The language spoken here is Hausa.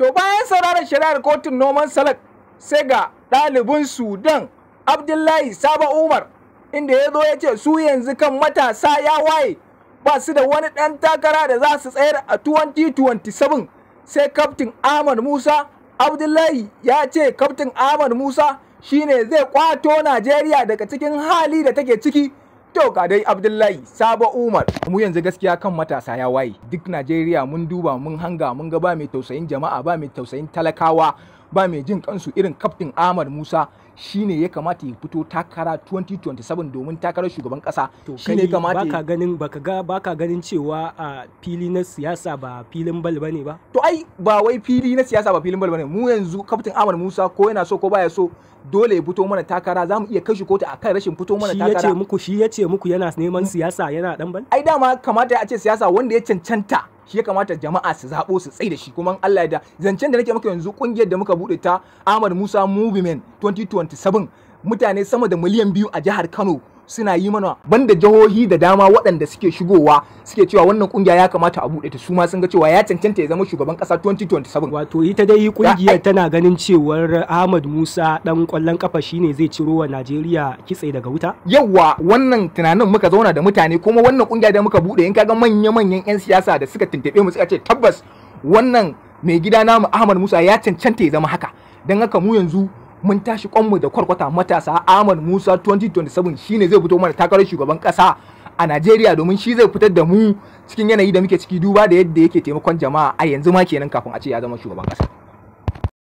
to bayan sauraron shari'ar kotun noman salak sai ga ɗalibin sudan abdullahi saba umar inda ya zo ya ce su yanzu kan matasa ya waye ba su da wani ɗan takara da za su tsayar a 2027 sai kaftin ahmad musa abdullahi ya ce kaftin ahmad musa shine zai kwato najeriya daga cikin hali da take ciki To ga dai Abdullahi Sabo Umar mu yanzu gaskiya kan matasa ya waye duk Najeriya mun duba mun hanga mun ga ba mai tausayin jama'a ba mai tausayin talakawa ba mai jin kansu irin kaftin Ahmad Musa shine ya kamata ya fito takara 2027 domin takarar shugaban kasa shine ya kamata baka ganin baka ga baka ganin cewa a fili na siyasa ba filin bal bane ba to ai ba wai fili na siyasa ba filin bal bane mu yanzu kaftin Ahmad Musa ko yana so ko baya so dole ya fito mana takara zamu iya kashe kotu kan rashin fito mana takara shi yace muku shi yace muku yana neman mm. siyasa yana dan bal ai dama kamata ya ce siyasa wanda ya cancanta shi ya kamata jama'a su zaɓo su tsaye da shi kuma Allah ya da zancen da nake maka yanzu kungiyar da muka buɗe ta Ahmad Musa Movement 2027 mutane sama da miliyan biyu a jihar Kano suna yi mana banda jihohi da dama waɗanda suke shigowa suke cewa wannan kungiya ya kamata a buɗe ta su ma sun ga cewa ya cancanta ya zama shugaban ƙasa 2027 wato ita dai kungiyar tana ganin cewar Ahmad Musa dan kwallon kafa shine zai ciro wa Najeriya kitse daga wuta yawa wannan tunanin muka zauna da mutane kuma wannan kungiya da muka buɗe in kaga manya-manyan 'yan siyasa da suka tuntuɓe mu suka ce tabbas wannan mai gida namu Ahmad Musa ya cancanta ya zama haka dan haka mu yanzu mun tashi kwanmu da kwarkwata matasa Ahmad Musa 2027 shine zai fito mana takarar shugaban kasa a Najeriya domin shi zai fitar da mu cikin yanayi da muke ciki duba da yadda yake taimakon jama'a a yanzu ma kenan kafin a ce ya zama shugaban kasa.